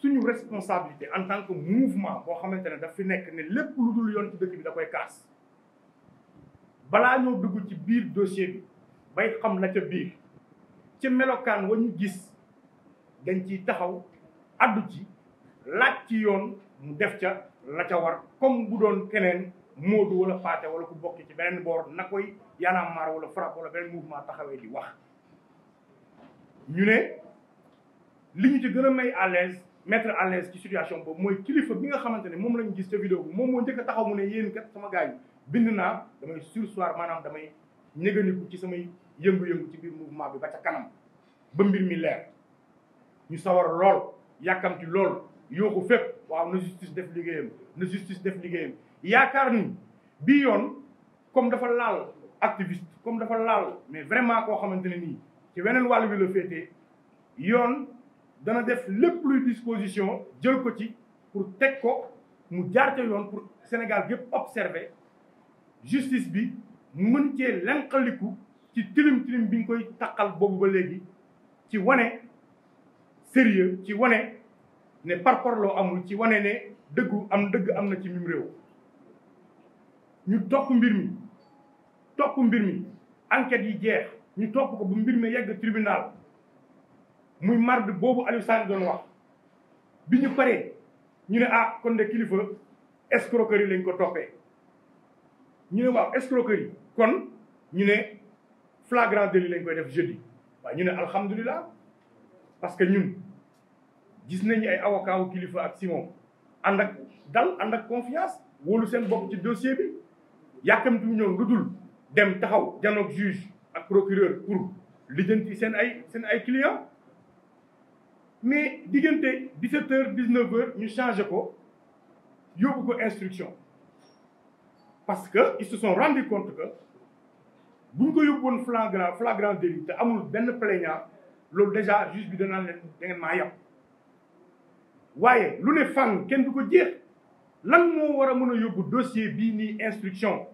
suñu responsabilité en tant que mouvement boo xamante ne daf fi nekk ne lépp lu dul yoon ci dëkk bi da koy kaas balaa ñoo dugg ci biir dossier bi bay xam la ca biir ci melokaan wa ñu gis dañ ciy taxaw addu ci laaj ci yoon mu def ca la ca war comme bu doon keneen Modou wala Pathé wala ku bokk ci beneen boor na koy Y'en a marre wala FRAPP wala beneen mouvement di wax ñu ne li ci gën a may à l'aise mettre ci situation boobu mooy kilifa bi nga xamante ne moom lañu gis ca vidéo bi moom moo njëkk a taxaw mu ne yéen kat sama gars yi bind naa damay sursoir maanaam damay ñëganiku ci samay yëngu-yëngu ci biir mouvement bi ba ca kanam ba mbir mi leer ñu sawar lool yàkkamti lool yooku fépp waaw na justice def liggéeyam na justice def liggéeyam yaakaar ni bi yoon comme dafa laal activiste comme dafa laal mais vraiment koo xamante ne nii ci weneen wàll wi la féetee yoon dana def lépp lu disposition jël ko ci pour teg ko mu jaar ca yoon pour Sénégal gépp observer justice bi mën cee lenqaliku ci tilim tilim bi koy taqal boobu ba léegi ci wane sérieux ci wane ne parparloo amul ci wane ne dëggu am dëgg am na ci mim réew ñu topp mbir mi topp mbir mi enquête yi jeex ñu topp ko bu mbir mi yegg tribunal muy marde boobu Aliou Sané doon wax bi ñu paree ñu ne ah kon de kilifa escroquerie lañ ko toppee ñu ne waaw escroquerie kon ñu ne flagrant délit lañ koy def jeudi waaw ñu ne alhamdulilah parce que ñun gis nañu ay avocat wu kilifa ak Simon ànd ak dal ànd ak confiance wóolu seen bopp ci dossier bi mu ñëw lu dul dem taxaw janoog juge ak procureur pour lijjanti seen ay seen ay client mais diggante 17 heures 19 heures ñu changé ko yóbbu ko instruction parce que ils se sont rendu compte que bu ñu ko yóbbuwoon flagrant flagrant délit te amul benn plaignant loolu déjà juge bi danaa leen da ngeen maa yàpp waaye lu ne fan kenn du ko jeex lan moo war a mën a yóbbu dossier bii nii instruction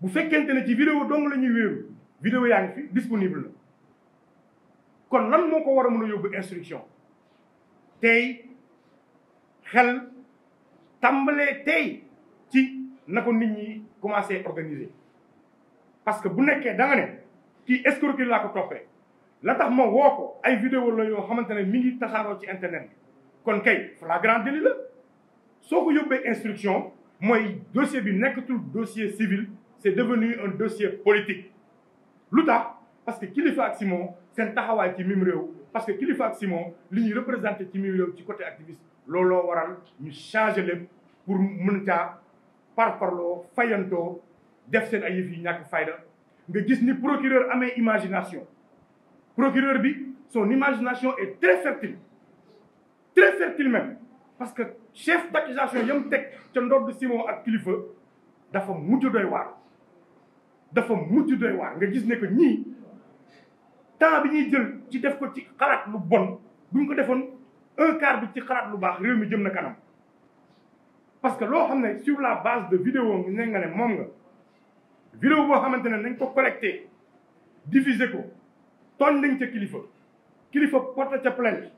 bu fekkente ne ci vidéo dong lañuy ñuy wéeru vidéo yaa ngi fi disponible na kon lan moo ko war a mën a yóbbu instruction tey xel tàmbalee tey ci na ko nit ñi commencé organiser parce que bu nekkee da nga ne kii escroquerie laa ko toppee la tax ma woo ko ay vidéo la yoo xamante ne mi ngi tasaaroo ci internet bi kon kay flagrant délit la soo ko yóbbee instruction mooy dossier bi nekkatul dossier civil c'est devenu un dossier politique lu tax parce que Kilifeu ak Simon seen taxawaay ci mim réew parce que Kilifeu ak Simon li ñuy représenté ci mim réew ci côté activiste looloo waral ñu changé leen pour mën caa parparloo fayantoo def seen ay yëf yi ñàkk fayda nga gis ni procureur amee imagination procureur bi son imagination est très fertile très fertile même parce que chef d'accusation yam teg ca ndodd Simon ak kilifa dafa mujj doy waar dafa mujj doy waar nga gis ne que ñii temps bi ñuy jël ci def ko ci xalaat lu bon buñ ko defoon un quart bi ci xaraat lu baax réew mi jëm na kanam parce que loo xam ne sur la base de video ne nga ne moom nga vidéo boo xamante ne nañ ko collecté diffusé ko tooñ nañ ca kilifa kilifa porté ca plainte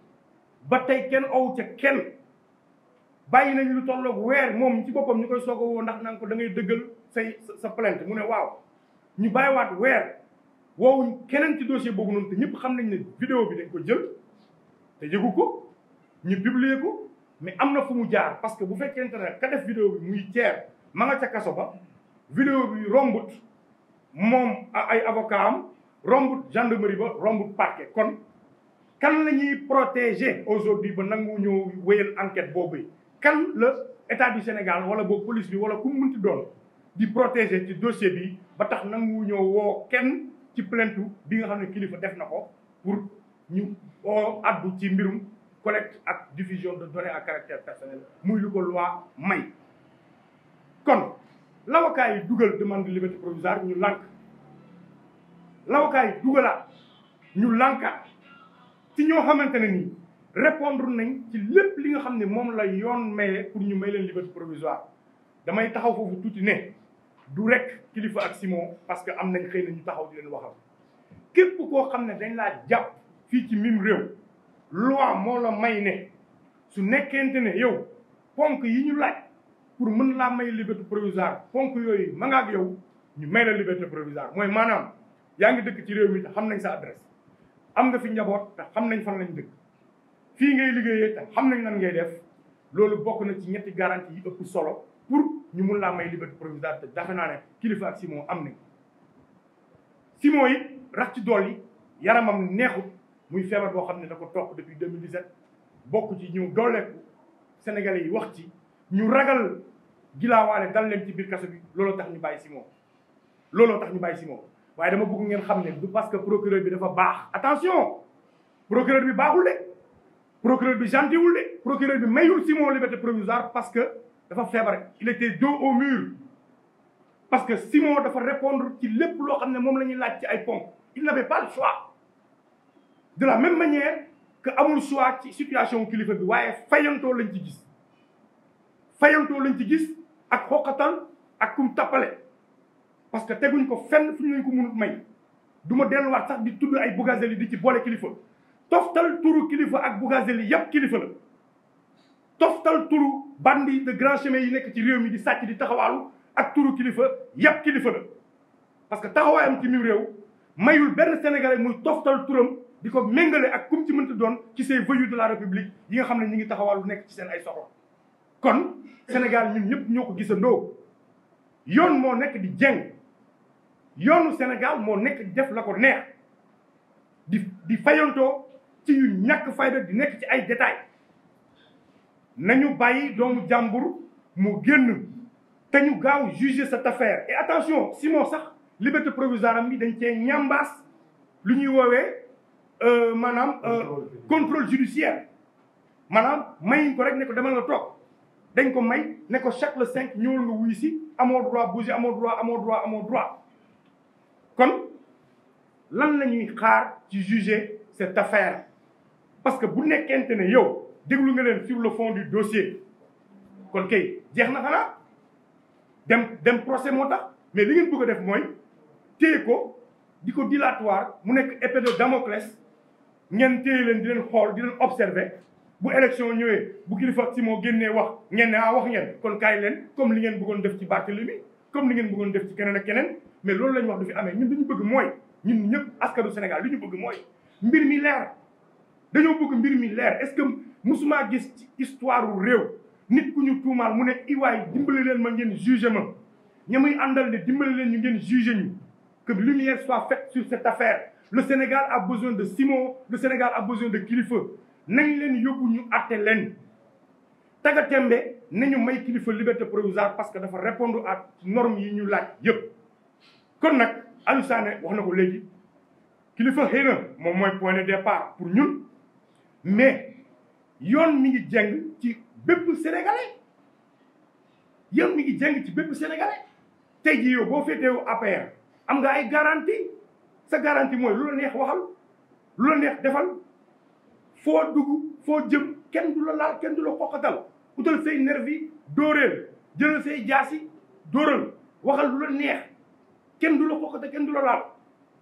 ba tey kenn ow ca kenn bàyyi nañ lu tolloog weer moom ci boppam ñu koy soog woo ndax nanga ko dangay dëggal say sa plainte mu ne waaw ñu bàyyiwaat weer wow keneen ci dossier boobu noonu te ñëpp xam nañ ne vidéo bi dañ ko jël te yëgu ko ñu publier ko mais am na fu mu jaar parce que bu fekkente ne ka def vidéo bi muy ceer ma nga ca kaso ba vidéo bi rombut moom ay avocat am rombut gendarmerie ba rombut parquet kon kan la ñuy protéger aujourd'hui ba nangu ñoo wéyal enquête boobu kan la état du Sénégal wala boobu police bi wala ku mu munti doon di protéger ci dossier bi ba tax nangu ñoo woo kenn ci plainte bi nga xam ne kilifa def na ko pour ñu oo addu ci mbirum collecte ak diffusion de données à caractère personnel muy lu ko loi may kon lawakaay yi dugal demande de liberté provisoire ñu lànk lawakaay yi dugalaat ñu lànkaat ci ñoo xamante ne nii répondre nañ ci lépp li nga xam ne moom la yoon maye pour ñu may leen liberté provisoire damay taxaw foofu tuuti ne du rek kilifa ak Simon parce que am nañ xëy na ñu taxaw di leen waxal képp koo xam ne dañ laa jàpp fii ci mim réew loi moo la may ne su nekkente ne yow ponk yi ñu laaj pour mën laa may liberté provisoire ponk yooyu ma nga yow ñu may la liberté provisoire mooy maanaam yaa ngi dëkk ci réew mi xam nañ sa adresse am nga fi njaboot te xam nañ fan lañ dëkk fii ngay liggéeyee te xam nañ nan ngay def loolu bokk na ci ñetti garantie yi ëpp solo pour ñu mun laa may libat provisoire te dafe naa ne kilifa ak Simon am nañ Simon yi rax ci dool yi yaramam neexut muy feebar boo xam ne da ko topp depuis set bokk ci ñu dooleeku sénégalais yi wax ci ñu ragal gilaawaane dal leen ci biir kaso bi looloo tax ñu bàyyi Simon looloo tax ñu bàyyi Simon waaye dama bëgg ngeen xam ne parce que procureur bi dafa baax attention procureur bi baaxul le procureur bi gentiwul de procureur bi mayul Simon liberté provisoire parce que dafa feebar il était dos au mur parce que Simon dafa répondre ci lépp loo xam ne moom la ñuy laaj ci ay pompe il n'avait pas le choix de la même manière que amul choix ci situation kilifa bi waaye fayantoo lañ ci gis fayantoo lañ ci gis ak xoqatal ak kum tappale parce que teguñ ko fenn fu ñu leen ko mënut may duma ma delluwaat sax di tudd ay Bougazelli di ci boole kilifa toftal turu kilifa ak Bougazelli yépp kilifa la toftal turu bandi de grand chemin yi nekk ci réew mi di sàcc di taxawaalu ak turu kilifa yépp kilifa la parce que taxawaayam ci mim réew mayul benn sénégalais muy toftal turam di ko méngale ak kum ci mënta doon ci ces voyous de la république yi nga xam ne ñu ngi taxawaalu nekk ci seen ay soxla kon Sénégal ñun ñëpp ñoo ko gisandoo yoon moo nekk di jeng yoonu Sénégal moo nekk def la ko neex di di fayantoo ci yu ñàkk fayda di nekk ci ay na ñu bàyyi donc jàmbur mu génn te ñu gaaw juger cette affaire et attention Simon sax liberté provisoire am bi dañ cee ñambaas lu ñuy woowee euh, maanaam euh, contrôle judiciaire maanaam mayuñ ko rek ne ko demal nga toog dañ ko may nekko ko chaque le cinq ñëwal nga wuy si amoo droit bouger amoo droit amoo droit droit kon lan lañuy xaar ci juger cette affaire parce que bu nekkente ne yow déglu nga leen sur le fond du dossier kon kay jeex na xanaa dem dem procès moo tax mais li ngeen bëgg a def mooy téye ko di ko dilatoire mu nekk épée de Damoclès ngeen téye leen di leen xool di leen observer bu élection ñëwee bu kilifa si moo génnee wax ngeen ne ah wax ngeen kon kaay leen comme li ngeen bëggoon def ci Barthélemy comme li ngeen bëggoon def ci keneen ak keneen mais loolu la wax du fi amee ñun ñu bëgg mooy ñun ñëpp askanu Sénégal li ñu bëgg mooy mbir mi leer dañoo bëgg mbir mi leer est-ce que musuma gis ci histoire wu réew nit ku ñu tuumaal mu ne iwaay dimbali leen ma ngeen juge ma ña muy àndal ne dimbali leen ñu ngeen juge ñu que lumière soit faite sur cette affaire le Sénégal a besoin de Simon le Sénégal a besoin de kilifa nañ leen yóbbu ñu atte leen taga tembe ñu may kilifa liberté provisoire parce que dafa répondre à normes yi ñu laaj yëpp kon nag Aliou Sané wax na ko léegi kilifa xëy moom mooy point de départ pour ñun mais yoon mi ngi jeng ci bépp sénégalais yoon mi ngi jeng ci bépp sénégalais tey jii yow boo féetewoo APR am nga ay garantie sa garantie mooy lu la neex waxal lu la neex defal foo dugg foo jëm kenn du la laal kenn du la xoqatal utal say nervi yi dóoreel jëlal say jaasi dóoral waxal lu la neex kenn du la xoqate kenn du la laal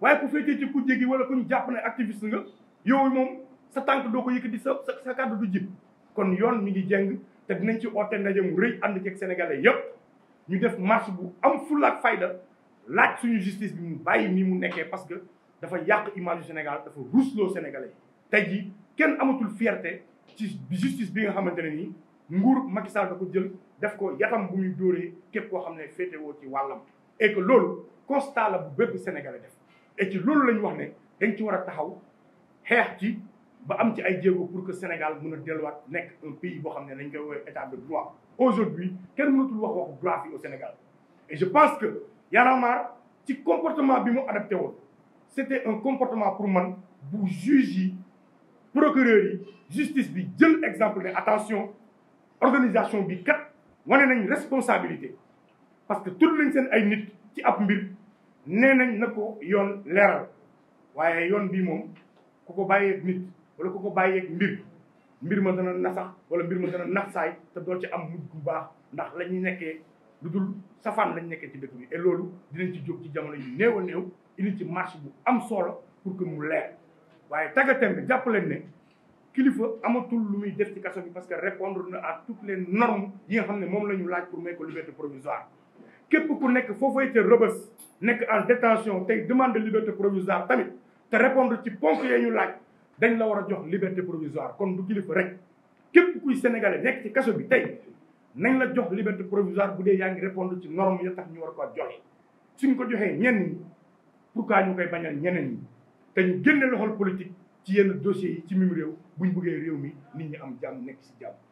waaye ku fekkee ci ku jégi wala ku ñu jàpp ne activiste nga yow moom sa tànk doo ko di sa sa kàddu du jib kon yoon mi ngi jeng te dinañ ci oote ndaje mu rëy ànd ceeg sénégalais yëpp ñu def marche bu am fulla ak fayda laaj suñu justice bi mu bàyyi nii mu nekkee parce que dafa yàq image du Sénégal dafa ruusloo sénégalais tey jii kenn amatul fierte ci justice bi nga xamante ne nii nguur Macky Sall da ko jël def ko yatam bu muy dóoree képp koo xam ne féetewoo ci wàllam et que loolu constat la bu bépp Sénégalais def et ci loolu la ñu wax ne dañ ci war a taxaw xeex ci ba am ci ay jéego pour que Sénégal mën a delluwaat nekk un pays boo xam ne dañ koy woowee état de droit aujourd'hui kenn mënatul wax waxu droit fii au Sénégal et je pense que Y ci comportement bi mu adapté woon c'était un comportement pour man bu juge yi procureur yi justice bi jël exemple ne attention organisation bi kat wane nañu responsabilité parce que tur nañ seen ay nit ci ab mbir nee nañ na ko yoon leeral waaye yoon bii moom ku ko bàyyeeg nit wala ku ko bàyyeeg mbir mbir ma dana nasax wala mbir ma dana naxsaay te doo ci am mujj bu baax ndax lañu nekkee lu dul safaan lañ nekkee ci dëkk mi e loolu dinañ ci jóg ci jamono yu néew a néew indi ci marché bu am solo pour que mu leer waaye tàggatem bi jàpp leen ne kilifa amatul lu muy def ci kaso bi parce que répondre a à toutes les normes yi nga xam ne moom la ñu laaj pour may ko liberté képp ku nekk foofee ca rëbës nekk en détention tey demande de liberté provisoire tamit te répondre ci ponk yee ñu laaj dañ la war a jox liberté provisoire kon du kilifa rek képp kuy sénégalais nekk ci kaso bi tey nañ la jox liberté provisoire bu dee yaa ngi répondre ci norme ya tax ñu war ko joxe suñ ko joxee ñenn ñi pourquoi ñu koy bañal ñeneen ñi te ñu génne loxol politique ci yenn dossiers yi ci mim réew bu ñu buggee réew mi nit ñi am jàmm nekk si jàmm